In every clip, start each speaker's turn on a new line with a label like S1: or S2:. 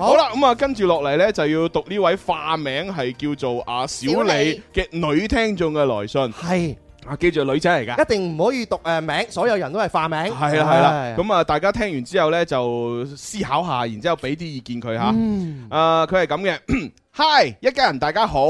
S1: 哦、好啦，咁啊，跟住落嚟咧，就要讀呢位化名係叫做阿小李嘅小李女聽眾嘅來信。係啊，係，記住女仔嚟噶。一
S2: 定唔可以讀誒名，所有人都係化名。係啦，係啦。咁
S1: 啊，大家聽完之後呢，就思考下，然之後俾啲意見佢吓。嗯。啊，佢係咁嘅。Hi，一家人，大家好。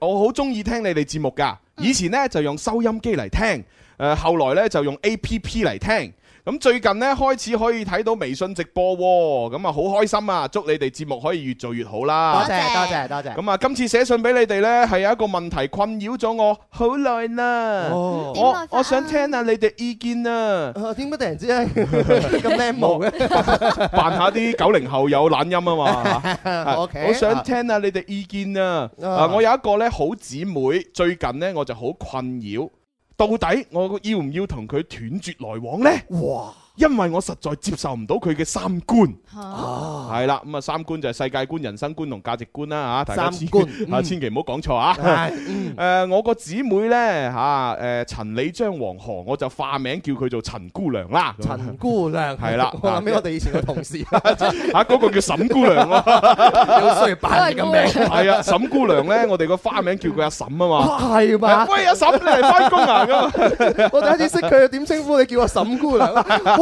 S1: 我好中意聽你哋節目噶。以前呢，就用收音機嚟聽，誒，後來咧就用 A P P 嚟聽。咁最近呢，開始可以睇到微信直播喎，咁啊好開心啊！祝你哋節目可以越做越好啦！多謝多謝多謝。咁啊，謝謝今次寫信俾你哋呢，係有一個問題困擾咗我好耐啦。哦，我，我想聽下你哋意見啊。
S2: 點解突然之間咁靚嘅？
S1: 扮下啲九零後有懶音啊嘛。我想聽下你哋意見啊。我有一個呢好姊妹，最近呢我就好困擾。到底我要唔要同佢斷絕來往呢？哇！因為我實在接受唔到佢嘅三觀，係啦，咁啊三觀就係世界觀、人生觀同價值觀啦，吓大家千啊千祈唔好講錯啊！誒，我個姊妹咧吓，誒，陳李張黃何，我就化名叫佢做陳姑娘啦。陳姑娘係啦，吓畀我
S2: 哋以前嘅同事
S1: 吓，嗰個叫沈姑娘咯，
S2: 有需擺嚟個名。係啊，
S1: 沈姑娘咧，我哋個花名叫佢阿沈啊嘛。
S2: 係嘛？喂，阿沈你嚟翻工啊？我第一次識佢，點稱呼你？叫我沈姑娘。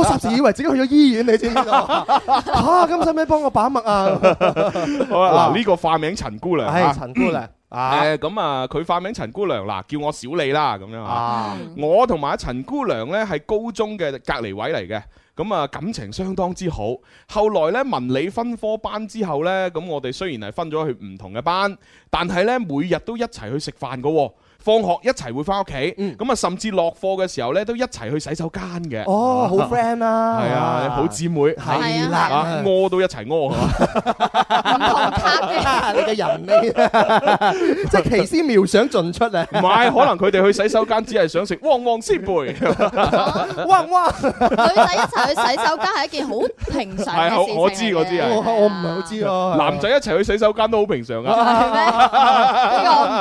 S2: 霎時以為自己去咗醫院，你知唔知 啊？嚇！咁使唔使幫我把脈啊？嗱，呢
S1: 個化名陳姑娘，係、哎、陳姑娘。誒，咁 啊，佢、 呃、化名陳姑娘，嗱，叫我小李啦，咁樣啊。 我同埋陳姑娘咧係高中嘅隔離位嚟嘅，咁啊感情相當之好。後來咧文理分科班之後咧，咁我哋雖然係分咗去唔同嘅班，但係咧每日都一齊去食飯㗎喎。放學一齊會翻屋企，咁啊甚至落課嘅時候咧都一齊去洗手間嘅。哦，好 friend
S2: 啊，係啊，好姊
S1: 妹，係啦，屙都一齊屙。唐
S2: 卡啊，你嘅人味
S1: 即係奇思妙想盡出啊！唔係，可能佢哋去洗手間只係想食旺旺仙貝，
S3: 旺旺女仔一齊去洗手間係一件好平常嘅事。係，我知，我知啊，我
S2: 唔係好
S1: 知啊。男仔一齊去洗手間都好平常啊。係
S3: 咩？呢個我唔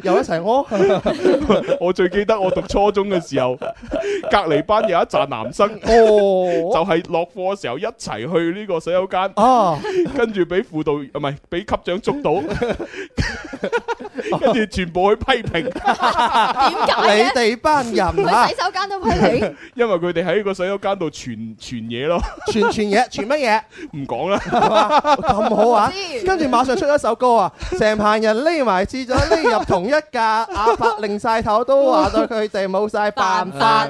S3: 知，
S1: 又一齊屙。 我最記得我讀初中嘅時候， 隔籬班有一紮男生，oh. 就係落課嘅時候一齊去呢個洗手間，oh. 跟住俾輔導唔係俾級長捉到。 跟住全部去批評，
S3: 點解？你哋班人，去洗手間都批評，
S1: 因為佢哋喺個洗手間度傳傳嘢咯，傳傳嘢，傳乜嘢？唔講啦，咁好啊？跟
S2: 住馬上出咗一首歌啊，成排人匿埋，廁咗匿入同一格，阿伯擰晒頭都話對佢哋冇晒辦法，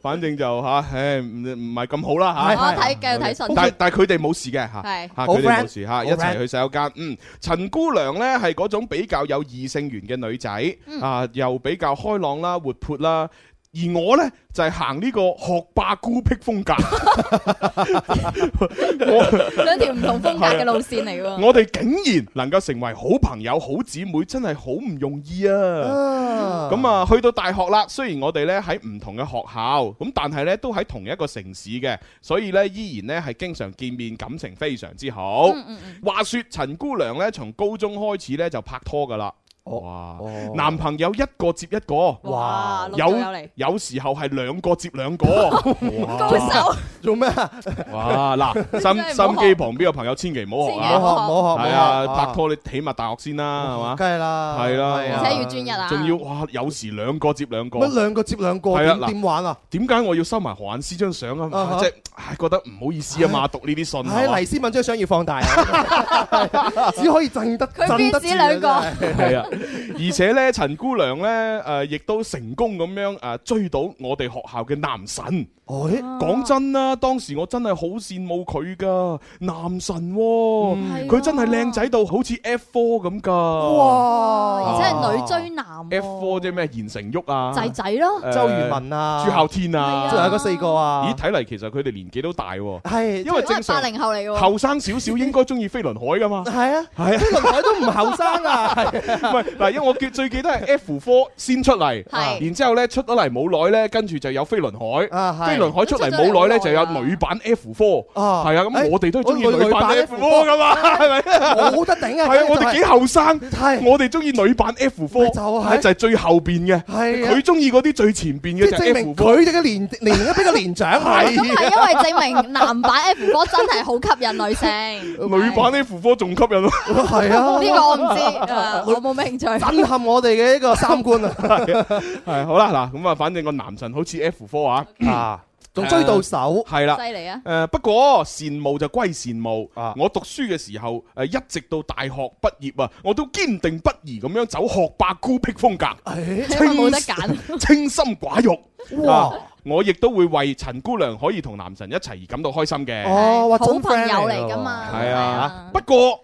S1: 反正就吓，唉，唔唔係咁好啦吓。我睇鏡睇信，但係佢哋冇事嘅吓，係吓佢哋冇事吓，一齊去洗手間。嗯，陳姑娘咧係嗰種比。較有異性緣嘅女仔啊，又比較開朗啦，活潑啦，而我呢，就係、是、行呢個學霸孤僻風格，兩條唔同風格嘅路線嚟的。 我哋竟然能夠成為好朋友、好姐妹，真係好唔容易啊！咁啊，去到大學啦，雖然我哋呢喺唔同嘅學校，咁但係呢都喺同一個城市嘅，所以呢依然呢係經常見面，感情非常之好。嗯嗯。話說陳姑娘呢，從高中開始呢就拍拖㗎喇。哇！男朋友一個接一個，哇，有嚟，有時候係兩個接兩個，高
S2: 手做咩？
S1: 哇！嗱，心心機旁邊嘅朋友千祈唔好學，唔好學，唔好學，係啊，拍拖你起碼大學先啦，係嘛？梗係啦，係啦，而且要專一
S3: 啦，
S2: 仲
S1: 要哇！有時兩個接兩個，乜兩
S2: 個接兩個？點點玩啊？
S1: 點解我要收埋何晏思張相啊？即係，唉，覺得唔好意思啊嘛，讀呢啲信，唉，黎思
S2: 敏張相要放大，只可以震得佢。得兩個，係
S1: 啊。 而且呢，陳姑娘呢誒、呃，亦都成功咁樣誒，追到我哋學校嘅男神。誒，講真啦，當時我真係好羨慕佢噶男神，佢真係靚仔到好似 F four 咁噶。哇，而且係女追男。F four 即係咩？言承旭啊，仔仔咯，周渝民啊，朱孝天啊，仲有嗰四個啊。咦，睇嚟其實佢哋年紀都大。
S3: 係，因為正常八零後嚟嘅，後
S1: 生少少應該中意飛輪海噶嘛。係啊，係飛輪海都唔後生啊。係嗱，因為我最記得係 F four 先出嚟，然之後咧出咗嚟冇耐咧，跟住就有飛輪海。上海出嚟冇耐咧，就有女版 F 科，係啊，咁我哋都中意女版 F 科噶嘛，係咪？我
S2: 冇得頂啊！係啊，我哋幾後
S1: 生，我哋中意女版 F 科，就係最後邊嘅，佢中意嗰啲最前邊嘅。即係證明佢哋嘅年年齡比較年長，係咁啊，因
S3: 為證明男版 F 科真係好吸引女性，女版
S1: F
S2: 科仲吸引囉，係啊，呢個我唔知，我冇
S3: 咩興趣，震
S2: 撼我哋嘅呢個三觀啊！
S1: 係好啦，嗱，咁啊，反正個男神好似 F 科啊啊！仲追到手，係啦，犀利啊！誒，不過羨慕就歸羨慕，我讀書嘅時候誒，一直到大學畢業啊，我都堅定不移咁樣走學霸孤僻風格，
S4: 冇得揀，
S1: 清心寡慾。哇！我亦都會為陳姑娘可以同男神一齊而感到開心嘅。哦，好朋友嚟噶嘛。係啊，不過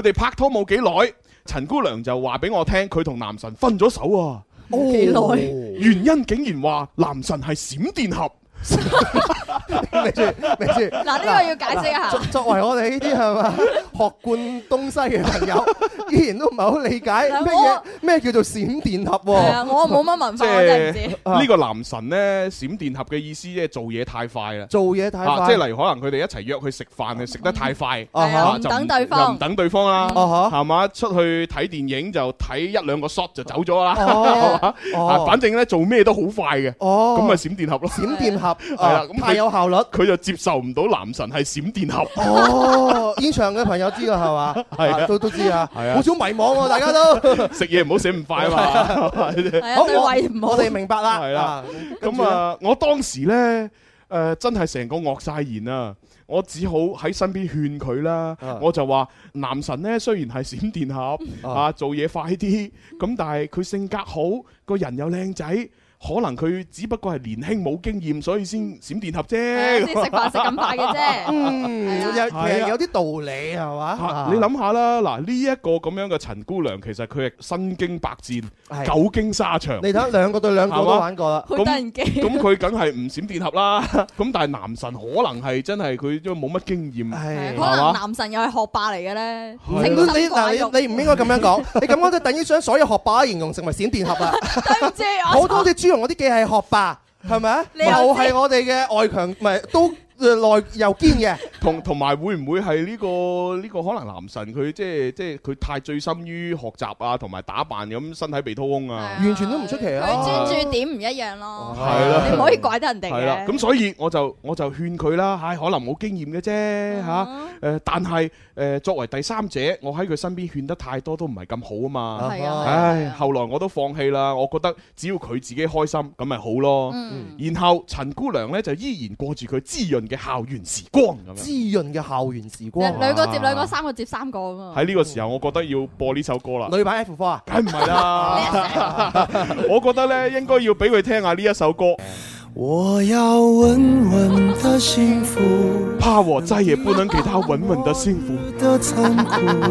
S1: 佢哋拍拖冇幾耐，陳姑娘就話俾我聽，佢同男神分咗手啊。冇幾耐？原因竟然話男神係閃電俠。
S2: 明住明住，嗱，呢個要解釋一下。作為我哋呢啲係嘛學貫東西嘅朋友，依然都唔係好理解乜嘢咩叫做閃電俠
S3: 喎。係啊，我冇乜文化，知唔知？呢
S1: 個男神咧，閃電俠嘅意思即係做嘢太快啦。做嘢太快，即係例如可能佢哋一齊約去食飯，就食得太快，唔等對方，唔等對方啦，係嘛？出去睇電影就睇一兩個 shot 就走咗啦，係嘛？反正咧，做咩都好快嘅，咁咪閃電俠咯。閃電俠。係啦，咁太有效率，佢就接受唔到男神係閃電俠。哦，
S2: 現場嘅朋友知㗎係嘛？係都都知啊，係啊，好少
S1: 迷惘喎，大家都食嘢唔好食咁快嘛。好，我我哋明白啦。係啦，咁啊，我當時咧誒真係成個惡晒言啊！我只好喺身邊勸佢啦。我就話男神咧雖然係閃電俠啊，做嘢快啲咁，但係佢性格好，個人又靚仔。可能佢只不過係年輕冇經驗，所以先閃電俠啫。食飯
S4: 食咁快
S1: 嘅啫，有啲道理係嘛？你諗下啦，嗱呢一個咁樣嘅陳姑娘，其實佢係身經百戰、久經沙場。你睇兩個對兩個都玩過啦，咁咁佢梗係唔閃電俠啦。
S2: 咁但係男神可能係真係佢都冇乜經驗，係可能男
S3: 神又係學霸嚟嘅咧。
S2: 你唔應該咁樣講，你咁樣就等於將所有學霸形容成為閃電俠啊！好多啲呢度我啲既係學霸，係咪啊？ 吧 又係我哋嘅外
S1: 強，唔 係 都。誒，內又堅嘅，同同埋會唔會係呢、呢個呢、呢個可能男神佢即係即係佢太醉心於學習啊，同埋打扮咁身體被掏空啊，完全都唔
S2: 出奇啊！
S3: 佢專注點唔一樣咯，係啦，你唔可以怪得人哋嘅、啊。咁、啊嗯啊嗯、所
S1: 以我就我就勸佢啦，唉、哎，可能冇經驗嘅啫，嚇誒、嗯啊，但係誒、呃、作為第三者，我喺佢身邊勸得太多都唔係咁好啊嘛。係、嗯、啊，唉、啊，啊、後來我都放棄啦，我覺得只要佢自己開心咁咪好咯。嗯、然後陳姑娘呢，就依然過住佢滋潤嘅校園時光咁，滋潤嘅校園時光，兩、啊、個接兩個，
S3: 三個接三個啊！
S1: 喺呢個時候，我覺得要播呢首歌啦。女版 F4 啊？梗唔係啦。我覺得咧，應該要俾佢聽下呢一首歌。我要穩
S4: 穩的幸福，
S1: 怕我再也不能給他穩穩的幸福。
S4: 的殘酷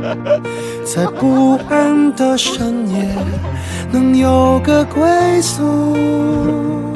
S4: 在不安的深夜，能有個歸宿。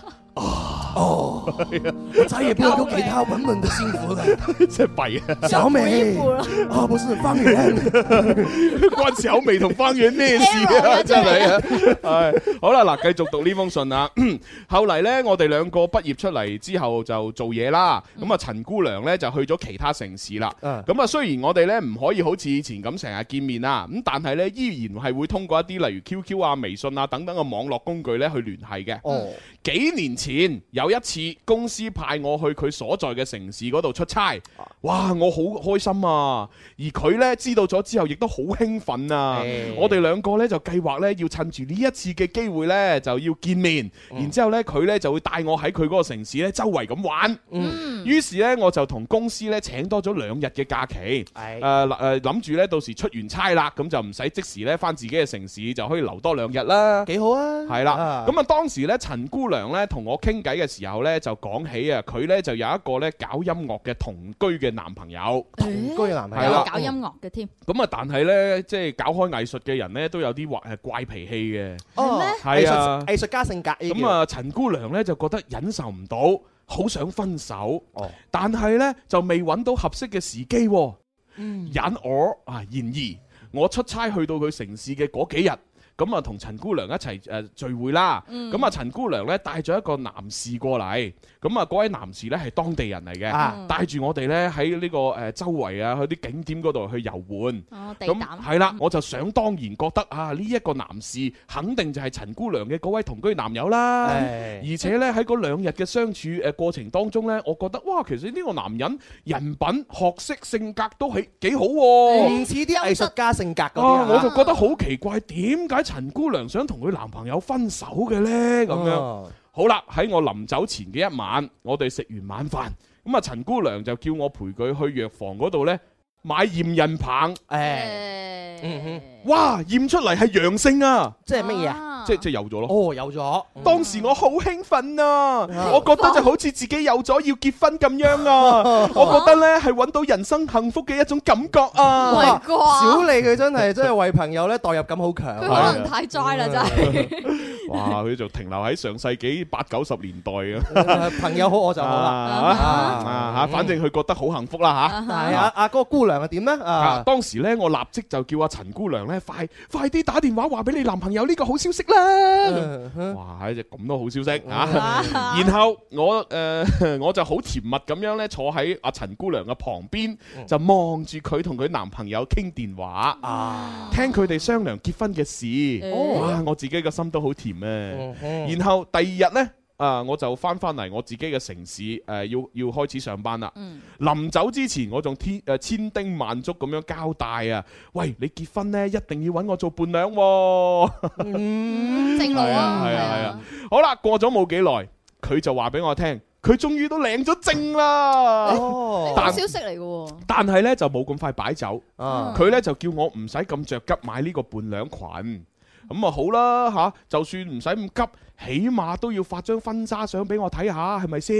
S1: 啊哦，再也不要留給
S2: 他穩穩的幸福
S1: 了，真弊啊！小美，
S2: 啊，不是方遠，啊、
S1: 關小美同方遠咩事啊？真係啊，係的、 啊、好啦嗱，繼續讀呢封信啊。後嚟咧，我哋兩個畢業出嚟之後就做嘢啦。咁啊，陳姑娘咧就去咗其他城市啦。咁啊、嗯，雖然我哋咧唔可以好似以前咁成日見面啦、啊，咁但係咧依然係會通過一啲例如 QQ 啊、微信啊等等嘅網絡工具咧去聯繫嘅。哦、嗯，幾年。前有一次公司派我去佢所在嘅城市度出差，哇！我好開心啊。而佢咧知道咗之後，亦都好興奮啊。的我哋兩個咧就計劃咧要趁住呢一次嘅機會咧就要見面，嗯、然之後咧佢咧就會帶我喺佢個城市咧周圍咁玩。嗯，於是咧我就同公司咧請多咗兩日嘅假期。誒誒的，諗住咧到時出完差啦，咁就唔使即時咧翻自己嘅城市，就可以留多兩日啦。幾好啊！係啦，咁啊，當時咧陳姑娘咧同我。我傾偈嘅時候呢，就講起啊，佢呢，就有一個呢搞音樂嘅同居嘅男朋友，欸、同居男朋友又、啊、搞音樂嘅添。咁啊、嗯，但係呢，即係搞開藝術嘅人呢，都有啲壞係怪脾氣嘅。係咩、哦？係啊藝，藝術家性格。咁啊，陳姑娘呢，就覺得忍受唔到，好想分手。哦、但係呢，就未揾到合適嘅時機、啊。嗯，忍我啊，然而我出差去到佢城市嘅嗰幾日。咁啊，同陳姑娘一齊誒聚會啦。咁啊、嗯，陳姑娘咧帶咗一個男士過嚟。咁啊，嗰位男士咧係當地人嚟嘅，帶住我哋咧喺呢個誒周圍啊，去啲、啊、景點嗰度去遊玩。咁係啦，我就想當然覺得啊，呢、這、一個男士肯定就係陳姑娘嘅嗰位同居男友啦。唉而且咧喺嗰兩日嘅相處誒過程當中咧，我覺得哇，其實呢個男人人品、學識、性格都係幾好喎、啊，唔、嗯、似啲藝術
S2: 家性格咁、啊啊。我就覺得
S1: 好奇怪，點解？陳姑娘想同佢男朋友分手嘅呢？咁樣，oh. 好啦。喺我臨走前嘅一晚，我哋食完晚飯，咁啊陳姑娘就叫我陪佢去藥房嗰度呢，買驗孕棒，誒。
S4: Uh.
S1: 哇！驗出嚟係陽性啊！即係乜嘢啊？即即有咗咯！哦，有咗！當時我好興奮啊！我覺得就好似自己有咗要結婚咁
S2: 樣啊！我覺得咧係揾到人生幸福嘅一種感覺啊！小李佢真係真係為朋友咧代入感好強，可能太
S3: 齋啦真係！
S2: 哇！
S1: 佢就停留喺上世紀八九十年代啊！朋友好我就好啦嚇，反正佢覺得好幸福啦嚇。但係阿阿嗰個姑娘又點咧？啊！當時咧我立即就叫阿陳姑娘咧。快快啲打電話話俾你男朋友呢個好消息啦！Uh huh. 哇，咁多好消息啊！Uh huh. 然後我誒，我，uh, 我就好甜蜜咁樣咧坐喺阿陳姑娘嘅旁邊，uh huh. 就望住佢同佢男朋友傾電話，uh huh. 聽佢哋商量結婚嘅事。Uh huh. 哇，我自己個心都好甜咧，啊。Uh huh. 然後第二日呢。啊！我就翻翻嚟我自己嘅城市，誒、呃，要要開始上班啦。臨、嗯、走之前，我仲千誒千叮萬囑咁樣交代啊！喂，你結婚呢，一定要搵我做伴娘、哦。嗯、 正女啊，係啊係啊。啊啊嗯、好啦，過咗冇幾耐，佢就話俾我聽，佢終於都領咗證啦。
S3: 哦，好但消息嚟嘅。
S1: 但係呢就冇咁快擺酒。佢呢就叫我唔使咁着急買呢個伴娘裙。咁啊好啦吓，就算唔使咁急，起碼都要發張婚紗相俾我睇下，係咪先？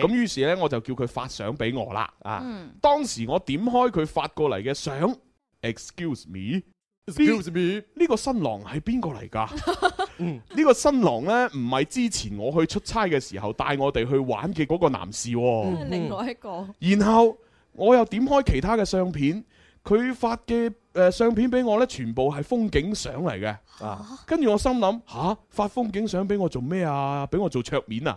S1: 咁於是呢，我就叫佢發相俾我啦。啊，當時我點開佢發過嚟嘅相、啊、，excuse me，excuse me，呢 Excuse me？這個這個新郎係邊個嚟噶？呢 個新郎呢，唔係之前我去出差嘅時候帶我哋去玩嘅嗰個男士。啊嗯、另外一個。然後我又點開其他嘅相片，佢發嘅誒、呃、相片俾我呢，全部係風景相嚟嘅。啊！跟住我心諗吓，發風景相俾我做咩啊？俾我做桌面啊？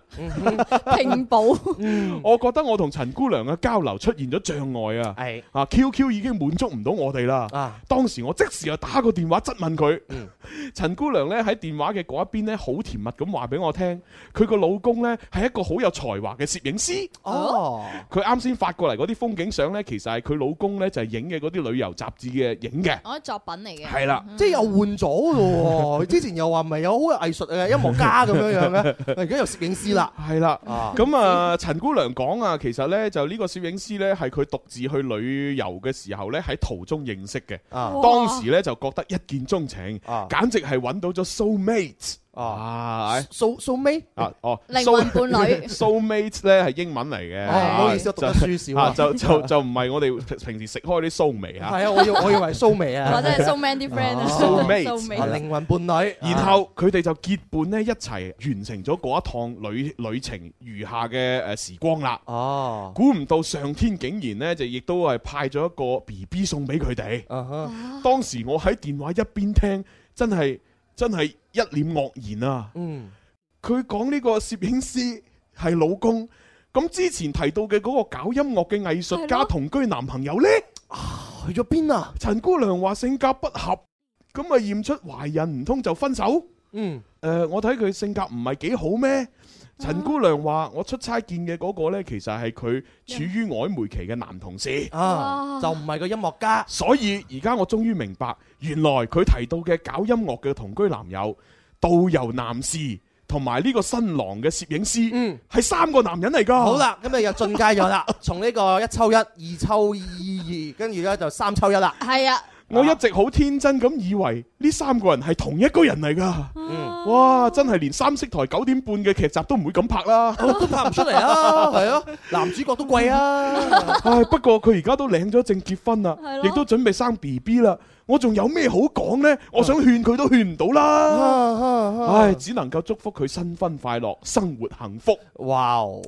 S3: 屏保。
S1: 我覺得我同陳姑娘嘅交流出現咗障礙啊！係啊，QQ 已經滿足唔到我哋啦。啊！當時我即時又打個電話質問佢。嗯，陳姑娘咧喺電話嘅嗰一邊咧，好甜蜜咁話俾我聽，佢個老公咧係一個好有才華嘅攝影師。
S4: 哦，
S1: 佢啱先發過嚟嗰啲風景相咧，其實係佢老公咧就係影嘅，嗰啲旅遊雜誌嘅影
S2: 嘅。
S3: 哦，作品嚟嘅。係啦，
S2: 即係又換咗。哦、之前又話唔係有好藝術嘅 音樂家咁樣樣嘅，而家 又有攝影師啦，係啦咁啊，陳姑娘講啊，其
S1: 實呢就呢個攝影師呢係佢獨自去旅遊嘅時候呢喺途中認識嘅，啊、當時呢就覺得一見鐘情，啊、簡直係揾到咗 Soulmate。啊
S2: ！so so mate 啊！哦，靈魂伴侶
S1: ，so mate 咧係英文嚟嘅，唔好意思，我讀得書少啊，就就就唔係我哋平時食開啲蘇眉啊，係啊，我我認為蘇眉啊，我真係 so many friend，so mate，靈魂伴侶，然後佢哋就結伴咧一齊完成咗嗰一趟旅旅程，餘下嘅誒時光啦，哦，估唔到上天竟然咧就亦都係派咗一個 B B 送俾佢哋，當時我喺電話一邊聽，真係真係。一臉愕然啊！嗯，佢講呢個攝影師係老公，咁之前提到嘅嗰個搞音樂嘅藝術家同居男朋友呢？去咗邊啊？陳姑娘話性格不合，咁啊驗出懷孕，唔通就分手？嗯。誒、呃，我睇佢性格唔係幾好咩？陳姑娘話我出差見嘅嗰個呢，其實係佢處於曖昧期嘅男同事，啊、就唔係個音樂家。所以而家我終於明白，原來佢提到嘅搞音樂嘅同居男友，導遊男士同埋呢個新郎嘅攝影師，係、嗯、三個男人嚟噶。好啦，今
S2: 日又進階咗啦，從呢 個一抽一，二抽二二，跟住咧就三抽一啦。係啊。
S1: 我一直好天真咁以為呢三個人係同一個人嚟㗎，嗯、哇！真係連三色台九點半嘅劇集都唔會咁拍啦、哦，都拍唔出嚟啊！係 啊，
S2: 男主角都貴啊！嗯
S1: 嗯、 唉，不過佢而家都領咗證結婚啦，咯亦都準備生 B B 啦，我仲有咩好講呢？我想勸佢都勸唔到啦，
S4: 啊啊啊、唉，
S1: 只能夠祝福佢新婚快樂，生活幸福。哇、哦！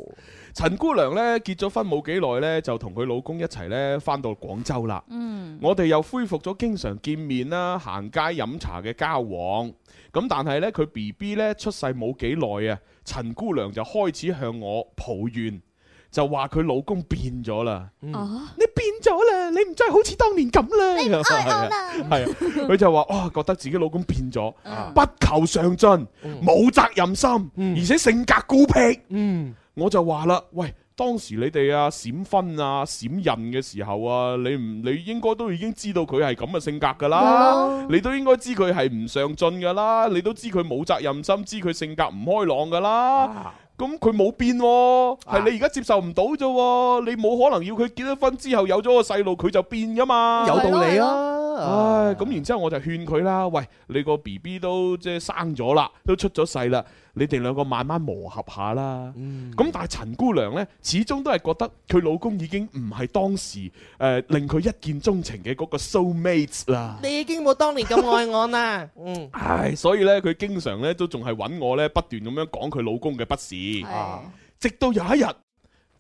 S1: 陳姑娘咧結咗婚冇幾耐咧，就同佢老公一齊咧翻到廣州啦。嗯，我哋又恢復咗經常見面啦、行街飲茶嘅交往。咁但係咧，佢 B B 咧出世冇幾耐啊，陳姑娘就開始向我抱怨，就話佢老公變咗啦。哦、嗯，你變咗啦？你唔再好似當年咁啦？係啊，係啊、佢、啊、 就話：，哇、哦，覺得自己老公變咗，嗯、不求上進，冇責任心，嗯、而且性格孤僻。嗯。嗯我就話啦，喂，當時你哋啊閃婚啊閃孕嘅時候啊，你唔你應該都已經知道佢係咁嘅性格噶啦，嘍你都應該知佢係唔上進噶啦，你都知佢冇責任心，知佢性格唔開朗噶啦，咁佢冇變、哦，係、啊、你而家接受唔到啫，你冇可能要佢結咗婚之後有咗個細路佢就變噶嘛，有道理啊，嘍唉，咁嘍然之後我就勸佢啦，喂，你個 B B 都即係生咗啦，都出咗世啦。嘞對你哋兩個慢慢磨合下啦，咁、嗯、但係陳姑娘呢，始終都係覺得佢老公已經唔係當時誒、呃、令佢一見鍾情嘅嗰個 soul mates 啦。
S2: 你已經冇當年咁愛我啦。 嗯，唉，
S1: 所以呢，佢經常呢都仲係揾我呢，不斷咁樣講佢老公嘅不是，唉直到有一日。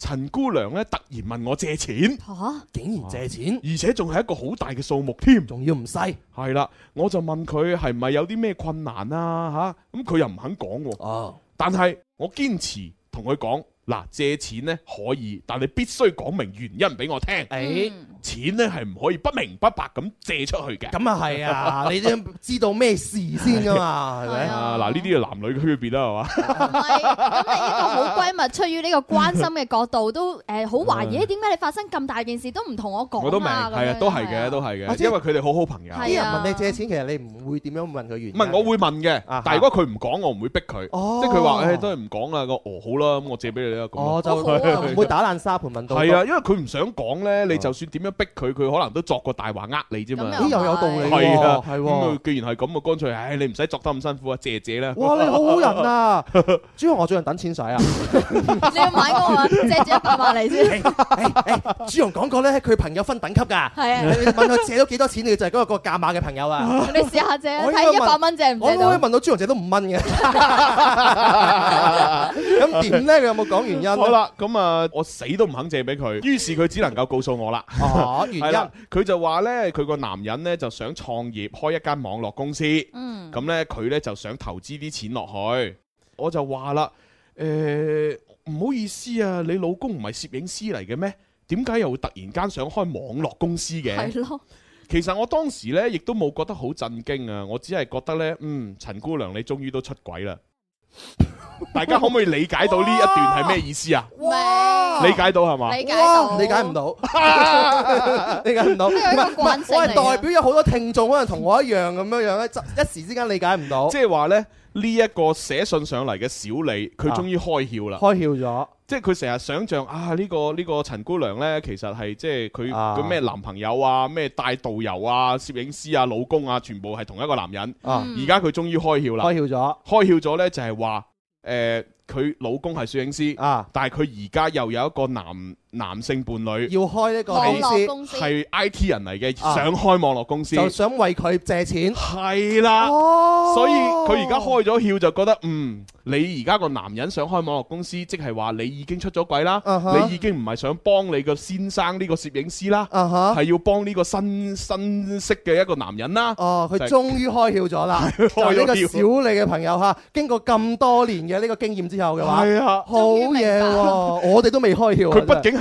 S1: 陳姑娘咧突然問我借錢，吓、啊、竟然借錢，而且仲係一個好大嘅數目添，仲要唔細。係啦，我就問佢係咪有啲咩困難啊？吓、啊，咁佢又唔肯講。哦，但係我堅持同佢講嗱，借錢咧可以，但你必須講明原因俾我聽。誒、嗯。錢咧係唔可以不明不白咁借出去嘅。咁啊係啊，你都要
S2: 知道咩事先啊嘛，係咪啊？嗱，
S1: 呢啲啊男女區別啦，係嘛？
S3: 咁你一個好閨蜜，出於呢個關心嘅角度，都誒好懷疑，點解你發生咁大件事都唔同我講？我都明，係啊，都係
S1: 嘅，都係嘅，因為佢哋好好朋友。
S3: 係啊，問你
S2: 借錢，其實你唔會點樣問佢原因。問我
S1: 會問嘅，但如果佢唔講，我唔會逼佢，即係佢話誒都係唔講啦。個哦好啦，咁我借俾你啦咁。我就唔會打爛沙盤問到。係啊，因為佢唔想講咧，你就算點樣，逼佢，佢可能都作個大話呃你啫嘛，又有道
S2: 理，係啊，係喎。咁
S1: 既然係咁啊，乾脆，唉，你唔使作得咁辛苦啊，借借啦。
S2: 哇，你好好人啊，朱紅，我最近等錢使啊，你要
S3: 買個借借一百萬嚟
S2: 先。朱紅講過咧，佢朋友分等級㗎。係啊，問佢借咗幾多錢，你就係嗰個個價碼嘅朋友啊。你
S3: 試下借我睇一百蚊借唔借到。我會
S2: 問到朱紅借都五蚊嘅。咁點咧？佢有冇講原因？好啦，咁啊，我死都唔
S1: 肯借俾佢，於是佢只能夠告訴我啦。係啦，佢、啊、就話呢，佢個男人呢就想創業開一間網絡公司，咁、嗯、呢，佢呢就想投資啲錢落去。我就話啦，誒、欸，唔好意思啊，你老公唔係攝影師嚟嘅咩？點解又會突然間想開網絡公司嘅？係咯，其實我當時呢亦都冇覺得好震驚啊，我只係覺得呢，嗯，陳姑娘你終於都出軌啦， 大家可唔可以理解到呢一段係咩意思啊？理解到係嘛？理
S2: 解理解唔到，理解唔到。我係代表咗好多聽眾可能同我一樣咁樣樣咧，一時之間理解唔到。即係話咧，呢一個寫
S1: 信上嚟嘅小李，佢終於開竅啦！開竅咗。即係佢成日想象啊，呢個呢個陳姑娘咧，其實係即係佢佢咩男朋友啊，咩帶導遊啊、攝影師啊、老公啊，全部係同一個男人。而家佢終於開竅啦！開竅咗。開竅咗咧，就係話誒。佢老公係攝影師啊，但係佢而家又有一個男。男性伴侶要開呢個公司係 I T 人嚟嘅，想開網絡公司就
S2: 想為佢借錢，係
S1: 啦，所以佢而家開咗竅，就覺得嗯，你而家個男人想開網絡公司，即係話你已經出咗軌啦，你已經唔係想幫你個先生呢個攝影師啦，係要幫呢個新新識嘅一
S2: 個男人啦。哦，佢終於開竅咗啦，為呢個小李嘅朋友吓，經過咁多年嘅呢個經驗之後嘅話，係啊，好嘢喎！我哋都未開竅。佢畢竟。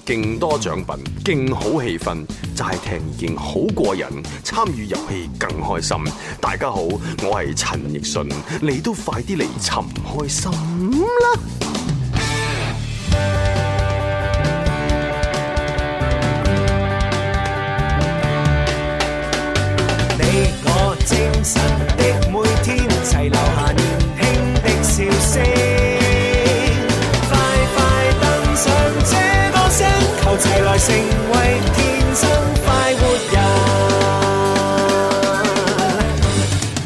S2: 勁多獎品，勁好氣氛，齋聽已經好過癮，參與遊戲更開心。大家好，我係陳奕迅，
S4: 你都快啲嚟尋開心啦！你我精神的每天，齊留下年輕的笑聲。成為天生快
S1: 活人。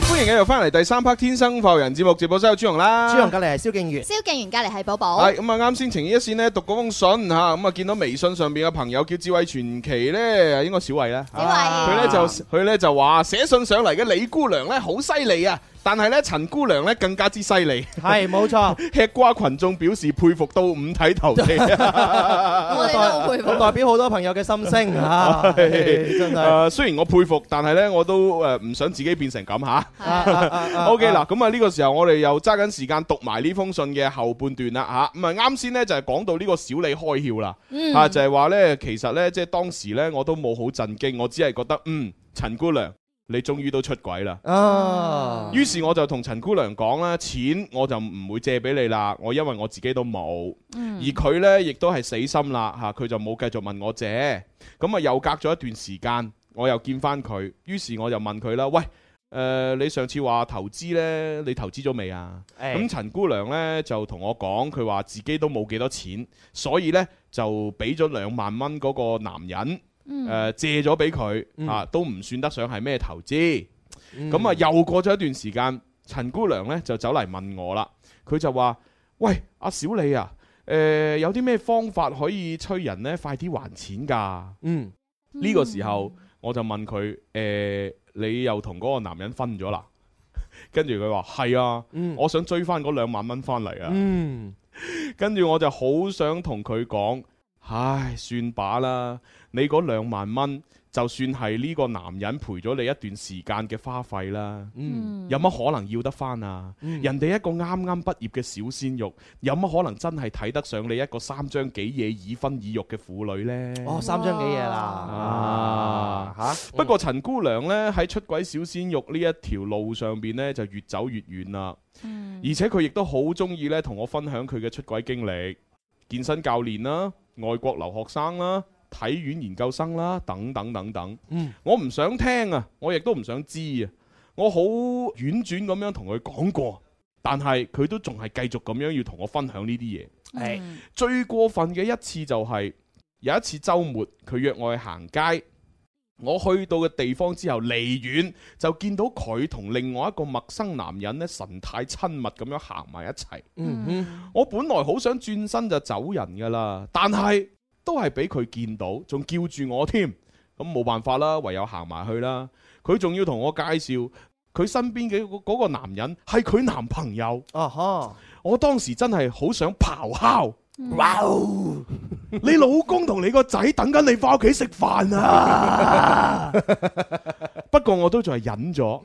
S1: 歡迎繼續翻嚟第三 part 天生快活人節目，直播室有朱紅啦，朱紅隔籬係蕭敬元，
S3: 蕭敬元隔籬係寶寶，係咁、
S1: 嗯、啊！啱先情意一線呢，讀嗰封信吓，咁啊見到微信上邊嘅朋友叫智慧傳奇咧，應該小慧啦，小慧偉，佢咧、啊、就佢咧就話寫信上嚟嘅李姑娘咧好犀利啊！但係咧，陳姑娘咧更加之犀利，係冇錯。吃瓜群眾表示佩服到五體投地， 我 代表好多朋友嘅心聲吓、 哎哎哎哎啊。雖然我佩服，但係咧，我都誒唔想自己變成咁吓、 啊。O K 嗱，咁啊呢、 okay, 嗯這個時候我哋又揸緊時間讀埋呢封信嘅後半段啦吓。咁啊啱先咧就係講到呢個小李開竅啦，嗯、啊就係話咧其實咧即係當時咧我都冇好震驚，我只係覺得嗯陳姑娘你終於都出軌啦，哦，於是我就同陳姑娘講啦，錢我就唔會借俾你啦，我因為我自己都冇，mm. 而佢呢，亦都係死心啦，吓佢就冇繼續問我借，咁啊又隔咗一段時間，我又見翻佢，於是我就問佢啦，喂，誒、呃、你上次話投資呢？你投資咗未啊？咁陳、mm. 姑娘呢，就同我講，佢話自己都冇幾多錢，所以呢，就俾咗兩萬蚊嗰個男人。誒，嗯、借咗俾佢啊，都唔算得上係咩投資。咁啊、嗯，又過咗一段時間，陳姑娘呢就走嚟問我啦，佢就話：，喂，阿、啊、小李啊，誒、呃，有啲咩方法可以催人呢？快啲還錢噶、嗯？嗯，呢個時候我就問佢：，誒、呃，你又同嗰個男人分咗啦？ 跟住佢話：係啊，嗯、我想追翻嗰兩萬蚊翻嚟啊。嗯， 跟住我就好想同佢講。唉，算把啦！你嗰兩萬蚊就算係呢個男人陪咗你一段時間嘅花費啦。嗯，有乜可能要得翻啊？嗯、人哋一個啱啱畢業嘅小鮮肉，有乜可能真係睇得上你一個三張幾嘢已婚已育嘅婦女呢？哦，三張幾嘢啦！哇啊嚇！啊哈不過陳姑娘呢，喺出軌小鮮肉呢一條路上邊呢，就越走越遠啦。嗯、而且佢亦都好中意呢同我分享佢嘅出軌經歷。健身教練啦、啊、外國留學生啦、啊、體院研究生啦、啊，等等等等。嗯、我唔想聽啊，我亦都唔想知啊。我好婉轉咁樣同佢講過，但係佢都仲係繼續咁樣要同我分享呢啲嘢。最過分嘅一次就係、是、有一次週末，佢約我去行街。我去到嘅地方之後，離遠就見到佢同另外一個陌生男人咧，神態親密咁樣行埋一齊。嗯嗯、mm，hmm. 我本來好想轉身就走人噶啦，但係都係俾佢見到，仲叫住我添。咁冇辦法啦，唯有行埋去啦。佢仲要同我介紹佢身邊嘅嗰個男人係佢男朋友。啊哈、uh！Huh. 我當時真係好想咆哮。哇，你老公同你個仔等緊你返屋企食飯啊！ 不過我都仲係忍咗，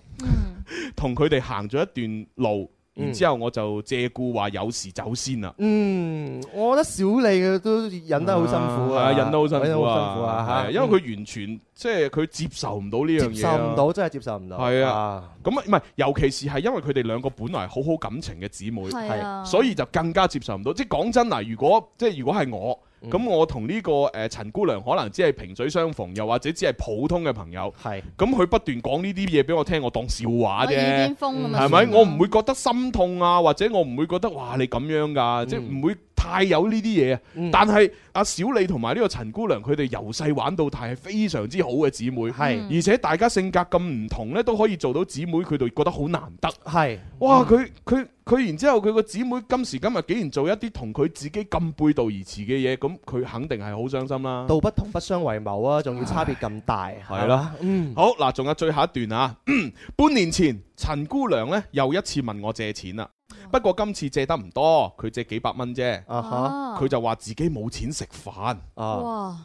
S1: 同佢哋行咗一段路。然之後我就借故話有事走先啦。嗯，
S2: 我覺得小李都忍得好辛苦
S1: 啊，啊忍得好辛苦啊，辛苦啊，因為佢完全、嗯、即係佢接受唔
S2: 到呢樣嘢，接受唔到真係接受唔
S1: 到。係的啊，咁啊，唔係，尤其是係因為佢哋兩個本來好好感情嘅姊妹，係的所以就更加接受唔到。即係講真嗱，如果即係如果係我。咁、嗯、我同呢個誒陳姑娘可能只係萍水相逢，又或者只係普通嘅朋友。係咁佢不斷講呢啲嘢俾我聽，我當笑話啫。係咪？我唔會覺得心痛啊，或者我唔會覺得哇你咁樣噶，嗯、即係唔會太有呢啲嘢。但係。阿小李同埋呢個陳姑娘，佢哋由細玩到大，係非常之好嘅姊妹。係是，而且大家性格咁唔同呢，都可以做到姊妹，佢哋覺得好難得。係是，哇！佢佢佢，然之後佢個姊妹今時今日竟然做一啲同佢自己咁背道而馳嘅嘢，咁佢肯定係好傷心啦。
S2: 道不同，不相為謀啊！仲要差別咁大，係啦。嗯，
S1: 好嗱，仲有最後一段啊、嗯。半年前，陳姑娘呢又一次問我借錢啦。不過今次借得唔多，佢借幾百蚊啫。啊哈、uh！佢、huh. 就話自己冇錢食飯。哇、uh！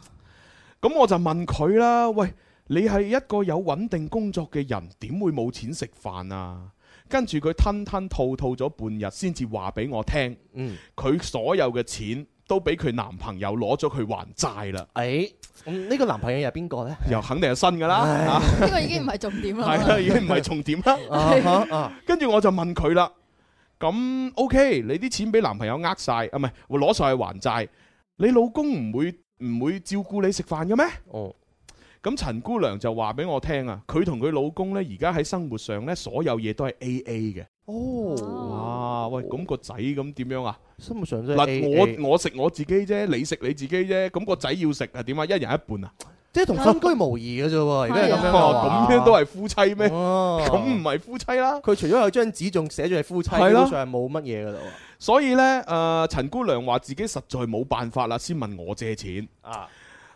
S1: 咁、huh. 嗯、我就問佢啦，喂，你係一個有穩定工作嘅人，點會冇錢食飯啊？跟住佢吞吞吐吐咗半日，先至話俾我聽。嗯，佢所有嘅錢都俾佢男朋友攞咗去還債啦。誒、uh，呢、huh. 嗯呢個男朋友又邊個呢？又肯定係新噶啦。呢、uh huh.
S3: 哎、 個已經唔係重點啦。係啦、 啊，已經唔係重
S1: 點啦。跟住、uh huh. 我就問佢啦。咁 OK，你啲錢俾男朋友呃曬，啊唔係攞曬去還債。你老公唔會唔會照顧你食飯嘅咩？哦，咁陳姑娘就話俾我聽啊，佢同佢老公呢，而家喺生活上呢，所有嘢都係 AA 嘅。
S2: 哦，哇，
S1: 喂，咁個仔咁點樣啊？
S2: 生活上即係嗱，我
S1: 我食我自己啫，你食你自己啫，咁個仔要食啊？點啊？一人一半啊？
S2: 即係同分居無疑嘅啫，而家咁樣嘅話，咁樣都係、啊、夫妻咩？咁唔係夫妻啦。佢除咗有張紙，仲寫咗係夫妻，啊、基本上
S1: 冇乜嘢嘅咯。所以呢，誒、呃，陳姑娘話自己實在冇辦法啦，先問我借錢。啊，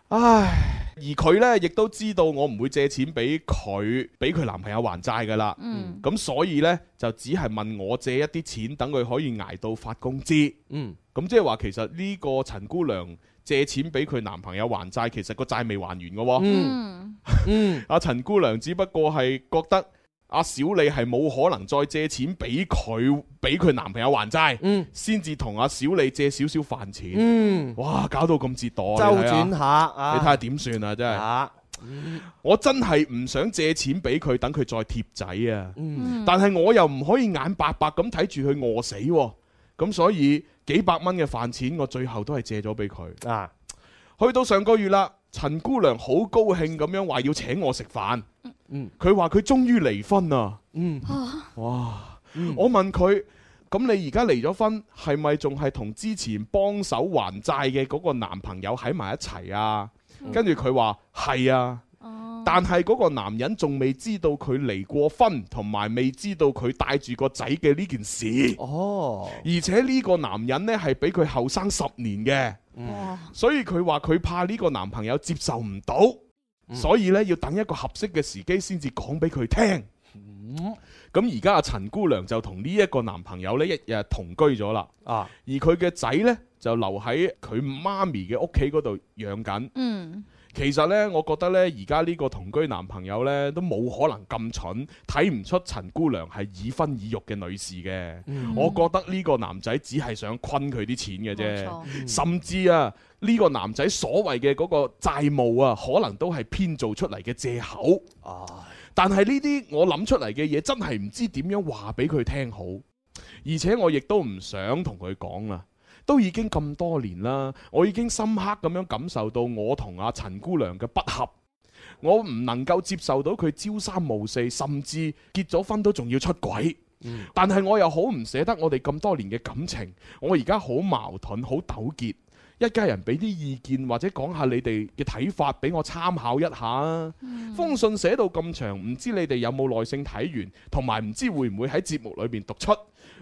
S1: 唉，而佢呢亦都知道我唔會借錢俾佢，俾佢男朋友還債嘅啦。嗯，咁所以呢，就只係問我借一啲錢，等佢可以挨到發工資。嗯，咁即係話其實呢個陳姑娘。借錢俾佢男朋友還債，其實個債未還完嘅。嗯。嗯嗯，阿陳 姑娘只不過係覺得阿小李係冇可能再借錢俾佢，俾佢男朋友還債，嗯，先至同阿小李借少少飯錢。嗯，哇，搞到咁折墮，周轉下。你睇看、啊、你睇下點算啊？真係，啊嗯，我真係唔想借錢俾佢，等佢再貼仔啊。嗯嗯，但係我又唔可以眼白白咁睇住佢餓死，咁所以。幾百蚊嘅飯錢，我最後都係借咗俾佢啊！去到上個月啦，陳姑娘好高興咁樣話要請我食飯。嗯，佢話佢終於離婚啦。嗯，哇！嗯、我問佢：咁你而家離咗婚，係咪仲係同之前幫手還債嘅嗰個男朋友喺埋一齊啊？嗯、跟住佢話係啊。但係嗰個男人仲未知道佢離過婚，同埋未知道佢帶住個仔嘅呢件事。哦，而且呢個男人呢係比佢後生十年嘅。嗯、所以佢話佢怕呢個男朋友接受唔到，嗯、所以呢要等一個合適嘅時機先至講俾佢聽。咁而家阿陳姑娘就同呢一個男朋友呢一日同居咗啦。啊！而佢嘅仔呢就留喺佢媽咪嘅屋企嗰度養緊。嗯。其實呢，我覺得呢，而家呢個同居男朋友呢，都冇可能咁蠢，睇唔出陳姑娘係已婚已育嘅女士嘅。嗯、我覺得呢個男仔只係想坤佢啲錢嘅啫，嗯、甚至啊，呢、呢個男仔所謂嘅嗰個債務啊，可能都係編造出嚟嘅借口。啊！但係呢啲我諗出嚟嘅嘢，真係唔知點樣話俾佢聽好，而且我亦都唔想同佢講啦。都已經咁多年啦，我已經深刻咁樣感受到我同阿陳姑娘嘅不合，我唔能夠接受到佢朝三暮四，甚至結咗婚都仲要出軌。嗯、但係我又好唔捨得我哋咁多年嘅感情，我而家好矛盾，好糾結。一家人俾啲意見或者講下你哋嘅睇法俾我參考一下啊！嗯、封信寫到咁長，唔知你哋有冇耐性睇完，同埋唔知會唔會喺節目裏面讀出。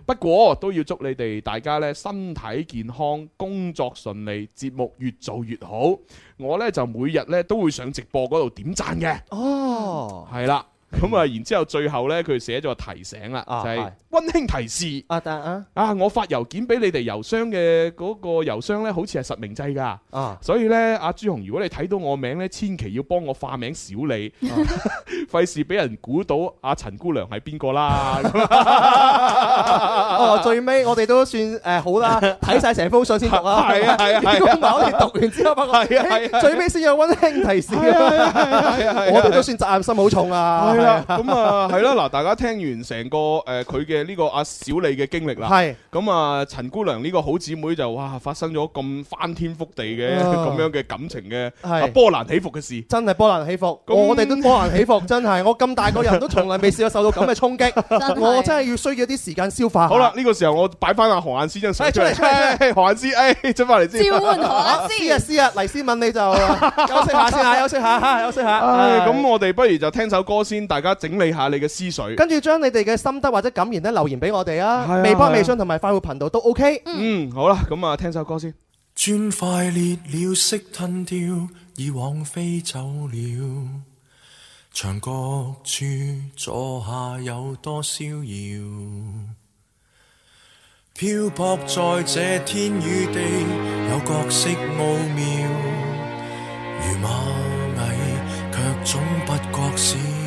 S1: 不過都要祝你哋大家咧，身體健康、工作順利、節目越做越好。我呢，就每日呢，都會上直播嗰度點讚嘅。哦，係啦，咁啊，然之後，後最後呢，佢寫咗個提醒啦，啊、就係、是。温馨提示啊，啊啊，我發郵件俾你哋郵箱嘅嗰個郵箱咧，好似係實名制噶，所以咧，阿朱紅，如果你睇到我名咧，千祈要幫我化名小李，費事俾人估到阿陳姑娘係邊個啦。
S2: 哦，最尾我哋都算誒好啦，睇晒成封信先讀啊，係啊係啊係啊，好似讀完之後，係啊係啊，最尾先有温馨提示啊，我哋都算責任心好重啊，係啦，咁啊係啦，
S1: 嗱，大家聽完成個誒佢嘅。呢個阿小李嘅經歷啦，係咁啊，陳姑娘呢個好姊妹就哇，發生咗咁翻天覆
S2: 地嘅咁樣嘅感情嘅波瀾起伏嘅事，真係波瀾起伏，我哋都波瀾起伏，真係我咁大個人都從來未試過受到咁嘅衝擊，我真係要需要啲時間消化。好啦，呢個時候我擺翻阿何雁詩張台出嚟。何雁詩，誒，出翻嚟先。何雁詩啊，詩啊，黎詩敏你就休息下先啊，休息下哈，休息下。
S1: 咁我哋不如就聽首歌先，大家整理下你嘅思緒。跟住
S2: 將你哋嘅心得或者感言留言俾我哋啊！啊微博、微信同埋快活頻道都 OK。嗯，嗯好啦，咁啊，聽首歌先。磚塊
S4: 裂了，色吞掉，以往飛走了，牆角處坐下有多逍遙？漂泊在這天與地，有角色奧妙，如螞蟻，卻總不覺少。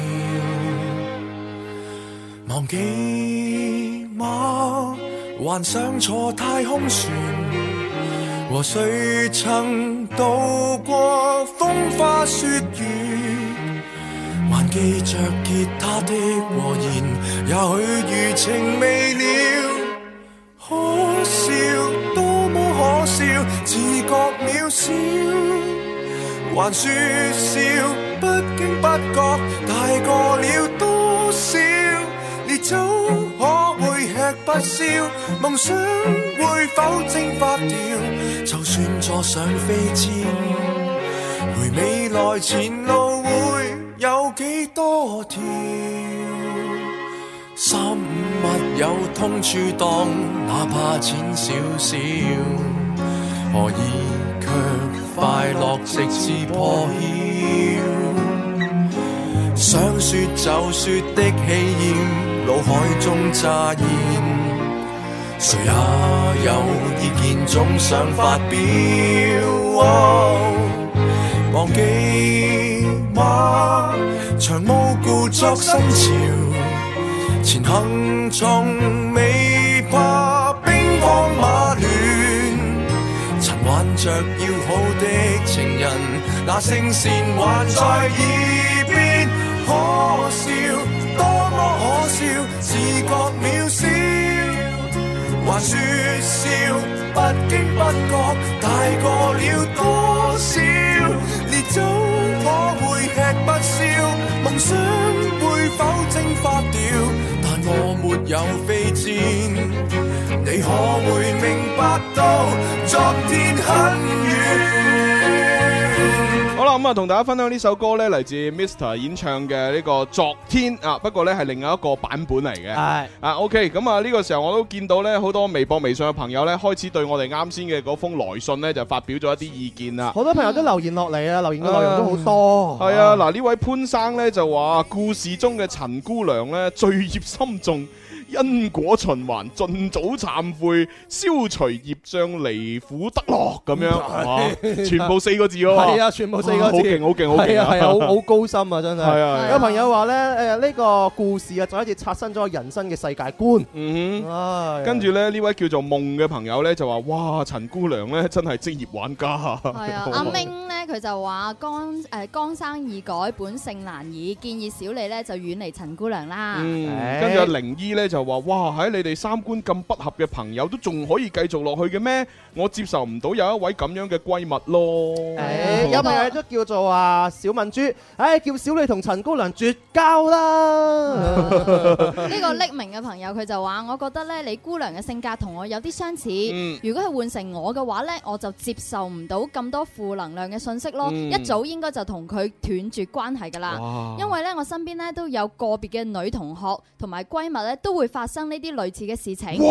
S4: 忘記嗎？還想坐太空船，和誰曾渡過風花雪月？還記着結他的和弦，也許餘情未了。可笑，多麼可笑，自覺渺小，還説笑，不經不覺大個了。早可會吃不消，夢想會否蒸發掉？就算坐上飛氈，回未來前路會有幾多條？三五蚊有通處當，哪怕錢少少，何以卻快樂直至破曉？ 想説就説的氣焰。腦海中乍現，誰也有意見總想發表。哦、忘記嗎、啊？長路故作新潮，前行從未怕兵荒馬亂。曾挽着要好的情人，那聲線還在耳邊，可笑。多麼可笑，自覺渺小，還説笑，不經不覺，大過了多少，烈酒可會吃不消，夢想會否蒸發掉？但我沒有飛箭，你可會明白到，昨天很遠？
S1: 咁啊，同大家分享呢首歌呢，嚟自 Mr 演唱嘅呢個昨天啊，不過呢，係另外一個版本嚟嘅。係是啊，OK，咁啊呢個時候我都見到呢，好多微博、微信嘅朋友呢，開始對我哋啱先嘅嗰封來信呢，就發表咗一啲意見啦。好多朋友
S2: 都留言落嚟啊，留言嘅內容都好多。係啊，嗱、嗯、啊啊、呢位潘生呢，
S1: 就話故事中嘅陳姑娘呢，罪孽深重。因果循環，盡早懺悔，消除業障，離苦得樂咁樣，全部四個字哦。係啊，全部四個字，好勁，好勁，好勁，係啊，好
S2: 高深啊，真係。有朋友話咧，誒呢個故事啊，再一次刷新咗人生嘅世界觀。嗯哼，
S1: 跟住咧呢位叫做夢嘅朋友咧就話，哇陳姑娘咧真係職業玩家。係啊，阿明
S3: 咧佢就話江誒江山易改，本性難移，建議小李咧就遠離陳姑娘啦。跟住阿
S1: 靈醫咧就。話哇，喺你哋三觀咁不合嘅朋友都仲可以繼續落去嘅咩？我接受唔到有一位咁樣嘅閨
S2: 蜜咯。有朋友都叫做啊小敏珠，唉，叫小李同陳姑娘絕交啦。呢個
S3: 匿名嘅朋友佢就話，我覺得呢你姑娘嘅性格同我有啲相似，如果係換成我嘅話呢，我就接受唔到咁多負能量嘅信息咯。一早應該就同佢斷絕關係噶啦。因為呢我身邊呢都有個別嘅女同學同埋閨蜜呢都會。發生呢啲類似嘅事情，係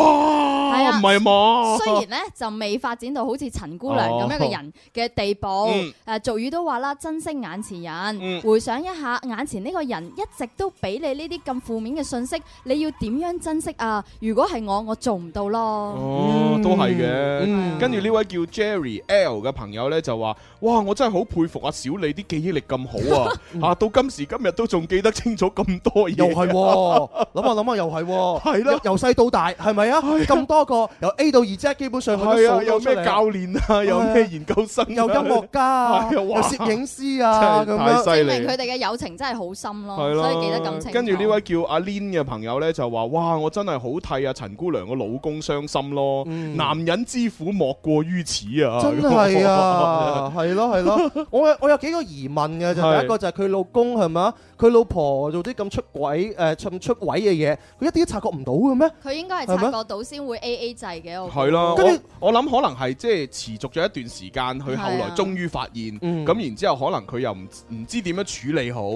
S3: 啊，唔係
S1: 嘛。雖然咧
S3: 就未發展到好似陳姑娘咁樣嘅人嘅地步。誒，俗語都話啦，珍惜眼前人。回想一下眼前呢個人，一直都俾你呢啲咁負面嘅信息，你要點樣珍惜啊？如果係我，我做唔到咯。哦，都係嘅。
S1: 跟住呢位叫 Jerry L 嘅朋友咧，就話：哇，我真係好佩服阿小李啲記憶力咁好啊！啊到今時今日都
S2: 仲記得清楚咁多嘢。又係諗下諗下，又係。係咯，由細到大係咪啊？咁多個由 A 到 Z，基本上佢都數到嚟。有咩教練啊？有咩研究生？有音樂家啊？有攝影師啊？咁證明佢
S3: 哋嘅友情真係好深咯。所以記得感情。跟住呢
S1: 位叫阿 Lin 嘅朋友咧，就話：哇，我真係好替阿陳姑娘個老公傷心咯！男人之苦莫過於此啊！真係啊，
S2: 係咯係咯，我我有幾個疑問嘅，就第一個就係佢老公係咪啊？佢老婆做啲咁出軌，誒出出軌嘅嘢，佢一啲都察覺唔到嘅咩？
S3: 佢應該係察覺到先會 A A 制嘅，我係
S1: 咯。我諗可能係即係持續咗一段時間，佢後來終於發現，咁然之後可能佢又唔唔知點樣處理好，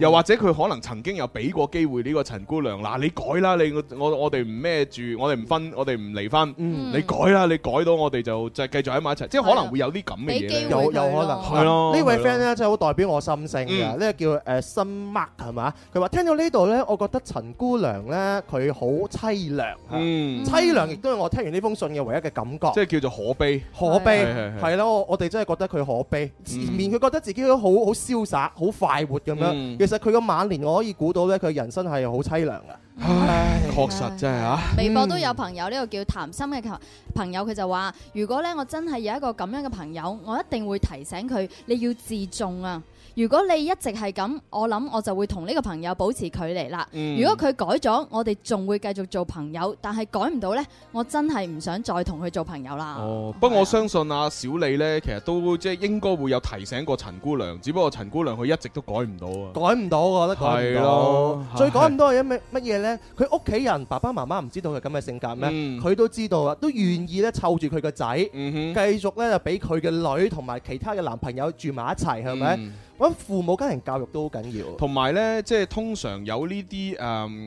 S1: 又或者佢可能曾經有俾過機會呢個陳姑娘，嗱，你改啦，你我我哋唔孭住，我哋唔分，我哋唔離婚，你改啦，你改到我哋就就繼續喺埋一齊，即係可能會有啲咁嘅嘢，有有可能係咯。呢位 friend
S2: 咧真係好代表我心聲嘅，呢個叫誒心。默係嘛？佢話聽到呢度呢，我覺得陳姑娘呢，佢好凄涼。嗯，淒涼亦都係我聽完呢封信嘅唯一嘅感覺。即係叫做可悲，可悲係咯。我哋真係覺得佢可悲。前面佢覺得自己都好好瀟灑、好快活咁樣，其實佢個晚年我可以估到呢，佢人生係好凄涼嘅。唉，確實真係啊。微博都
S3: 有朋友，呢個叫談心嘅朋友，佢就話：如果呢，我真係有一個咁樣嘅朋友，我一定會提醒佢，你要自重啊。如果你一直係咁，我諗我就會同呢個朋友保持距離啦。嗯、如果佢改咗，我哋仲會繼續做朋友。但係改唔到呢，我真係唔想再同佢做朋友啦。
S1: 不過、哦啊、我相信阿小李呢，其實都即係應該會有提醒過陳姑娘。只不過陳姑娘佢一直都改唔到啊，
S2: 改唔到，我覺得佢唔到。啦最改唔到係因乜嘢呢？佢屋企人爸爸媽媽唔知道佢咁嘅性格咩？佢、嗯、都知道啊，都願意咧湊住佢個仔，嗯、哼繼續咧就俾佢嘅女同埋其他嘅男朋友住埋一齊，係咪、嗯？我父母家庭教育都好緊要，同埋
S1: 呢，即係通常有呢啲誒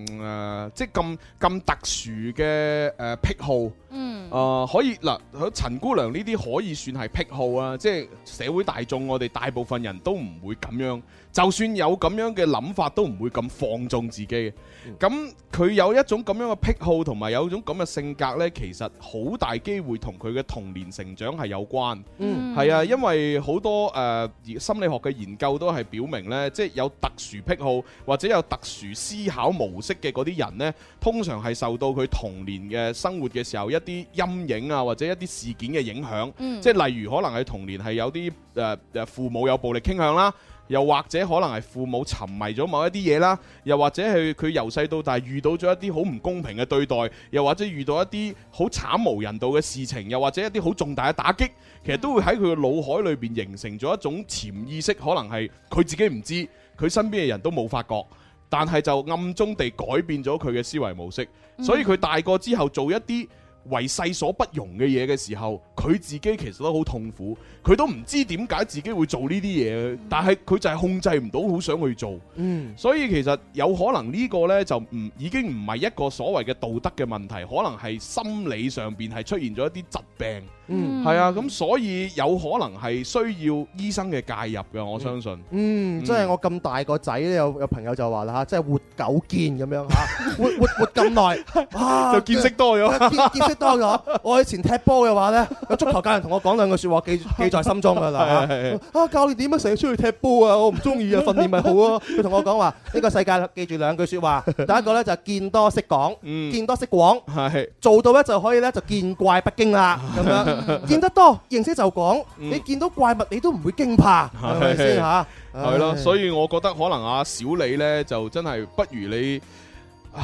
S1: 誒，即係咁咁特殊嘅誒癖好，嗯，啊可以嗱，陳姑娘呢啲可以算係癖好啊，即係社會大眾，我哋大部分人都唔會咁樣。就算有咁樣嘅諗法，都唔會咁放縱自己嘅。咁佢有一種咁樣嘅癖好，同埋有一種咁嘅性格呢，其實好大機會同佢嘅童年成長係有關。嗯，係啊，因為好多誒、呃、心理學嘅研究都係表明呢，即係有特殊癖好或者有特殊思考模式嘅嗰啲人呢，通常係受到佢童年嘅生活嘅時候一啲陰影啊，或者一啲事件嘅影響。嗯，即係例如可能係童年係有啲誒、呃、父母有暴力傾向啦。又或者可能係父母沉迷咗某一啲嘢啦，又或者係佢由細到大遇到咗一啲好唔公平嘅對待，又或者遇到一啲好慘無人道嘅事情，又或者一啲好重大嘅打擊，其實都會喺佢嘅腦海裏邊形成咗一種潛意識，可能係佢自己唔知，佢身邊嘅人都冇發覺，但係就暗中地改變咗佢嘅思維模式，所以佢大個之後做一啲為世所不容嘅嘢嘅時候，佢自己其實都好痛苦，佢都唔知點解自己會做呢啲嘢，但係佢就係控制唔到，好想去做。嗯，所以其實有可能呢個呢，就唔已經唔係一個所謂嘅道德嘅問題，可能係心理上面係出現咗一啲疾病。嗯，係啊，咁所以有可能係需要醫生嘅介入嘅，我相信。
S2: 嗯，即係我咁大個仔咧，有有朋友就話啦吓，即係活久見咁樣吓，活活活咁耐
S4: 啊，
S1: 就見識多
S2: 咗，見識多咗。我以前踢波嘅話咧，有足球教練同我講兩句說話，記記在心中噶啦啊，教練點樣成日出去踢波啊？我唔中意啊，訓練咪好咯。佢同我講話，呢個世界，記住兩句說話，第一個咧就見多識講，見多識廣，係做到咧就可以咧就見怪不驚啦，咁樣。見得多，認識就講。嗯、你見到怪物，你都唔會驚怕，係咪先
S1: 吓？係咯吧，吧所以我覺得可能阿小李呢，就真係不如你。唉，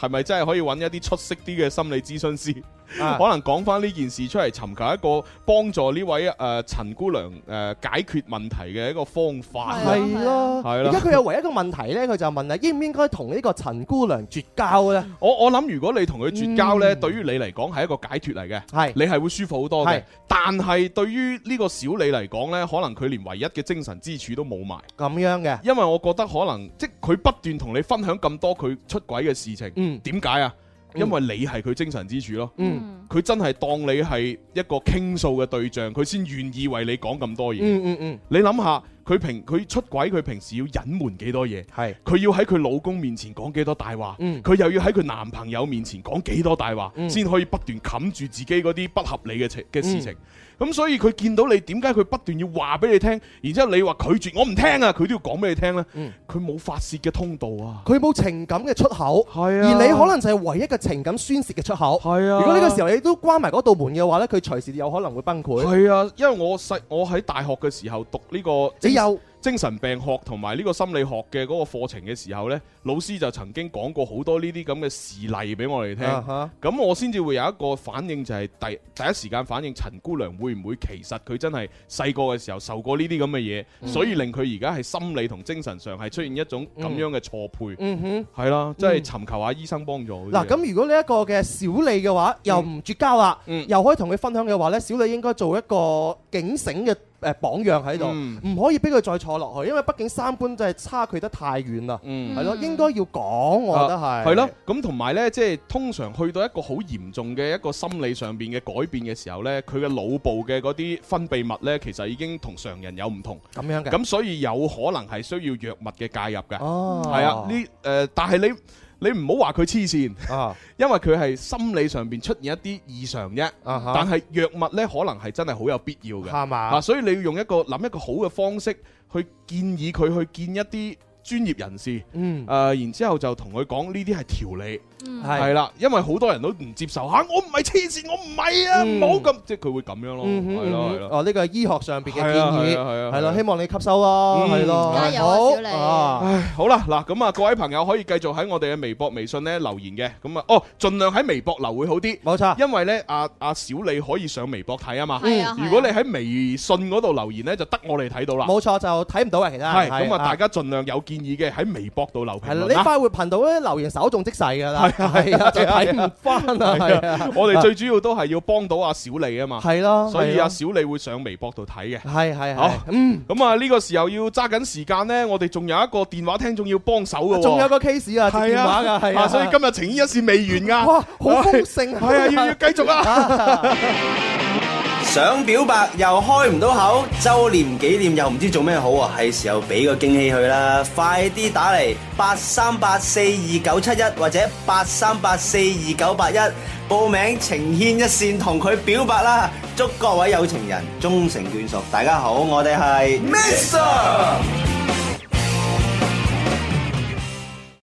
S1: 係咪真係可以揾一啲出色啲嘅心理諮詢師？啊、可能講翻呢件事出嚟，尋求一個幫助呢位誒陳、呃、姑娘誒、呃、解決問題嘅一個方法係
S2: 咯，係啦、啊。而家佢有唯一一個問題咧，佢就問啊，應唔應該同呢個陳姑娘絕交呢？我我諗如果你同佢絕交呢，
S1: 嗯、對於你嚟講係一個解脱嚟嘅，係是你係會舒服好多嘅。是但係對於呢個小李嚟講呢，可能佢連唯一嘅精神支柱都冇埋。咁樣嘅，因為我覺得可能即佢不斷同你分享咁多佢出軌嘅事情，嗯，點解啊？因為你係佢精神支柱咯，佢、嗯、真係當你係一個傾訴嘅對象，佢先願意為你講咁多嘢，嗯。嗯嗯
S4: 嗯，
S1: 你諗下，佢平佢出軌，佢平時要隱瞞幾多嘢？係，佢要喺佢老公面前講幾多大話？嗯，佢又要喺佢男朋友面前講幾多大話，先、嗯、可以不斷冚住自己嗰啲不合理嘅情嘅事情。嗯咁、嗯、所以佢見到你點解佢不斷要話俾你聽，然之後你話拒絕我唔聽啊，佢都要講俾你聽咧。佢冇、嗯、發
S2: 泄嘅通道啊，佢冇情感嘅出口。係啊，而你可能就係唯一嘅情感宣泄嘅出口。係啊，如果呢個時候你都關埋嗰道門嘅話呢，佢隨時有可能會崩潰。係
S1: 啊，因為我細我喺大學嘅時候讀呢個，你有精神病學同埋呢個心理學嘅嗰個課程嘅時候呢，老師就曾經講過好多呢啲咁嘅事例俾我哋聽。咁、uh huh. 我先至會有一個反應，就係、是、第第一時間反應，陳姑娘會唔會其實佢真係細個嘅時候受過呢啲咁嘅嘢，mm hmm. 所以令佢而家係心理同精神上係出現一種咁樣嘅錯配。嗯哼、mm，係、hmm. 啦、啊，即係尋求下醫生幫助。嗱、hmm. 啊，咁
S2: 如果呢一個嘅小李嘅話，又唔絕交啦，mm hmm. 又可以同佢分享嘅話呢，小李應該做一個警醒嘅。誒、呃、榜樣喺度，唔、嗯、可以俾佢再坐落去，因為畢竟三觀真係差距得太遠啦，係咯、嗯，應該要講，我覺得係、啊。係咯，咁同埋呢，即係通常去到一個好
S1: 嚴重嘅一個心理上面嘅改變嘅時候呢，佢嘅腦部嘅嗰啲分泌物呢，其實已經同常人有唔同。咁樣嘅。咁所以有可能係需要藥物嘅介入嘅。哦。係啊，呢誒、呃，但係你。你唔好話佢黐線，啊，因為佢係心理上邊出現一啲異常啫，啊、哈但係藥物呢，可能係真係好有必要嘅，係嘛吧，所以你要用一個諗一個好嘅方式去建議佢去見一啲專業人士，嗯，誒、呃，然之後就同佢講呢啲係調理。係啦，因為好多人都唔接受吓，我唔係黐線，我唔係啊，唔好
S2: 咁即係佢會咁樣咯，係咯係咯。啊，呢個係醫學上邊嘅建議，係啊係啊係啊，係咯，希望你吸收咯，係咯。加油，好，唉，好啦，
S1: 嗱咁啊，各位朋友可以繼續喺我哋嘅微博、微信咧留言嘅，咁啊哦，儘量喺微博留會好啲，冇錯，因為咧阿阿小李可以上微博睇啊嘛，如果你喺微信嗰度留言咧，就得我哋睇到啦，冇錯
S2: 就睇唔到啊，其他係咁啊，大家
S1: 儘量有建議嘅喺微博度留評論啦。呢塊
S2: 會頻道咧留言手動即逝㗎啦。係啊，就睇唔翻啊！係啊，我哋最
S1: 主要都係要幫到阿小李啊嘛，係咯，所以阿小李會上微博度睇嘅，係係係，嗯，咁啊呢個時候要揸緊時間呢，我哋仲有一個電話聽眾要幫手噶，仲有個 case 啊，接電話啊，所以今日情意一線未完噶，哇，好豐盛，係啊，要要繼續啊！
S2: 想表白又開唔到口，周年紀念又唔知做咩好啊！係 時候俾個驚喜佢啦，快啲打嚟八三八四二九七一或者八三八四二九八一報名情牽一線同佢表白啦！祝各位有情人終成眷屬！大家好，我哋係 Mr。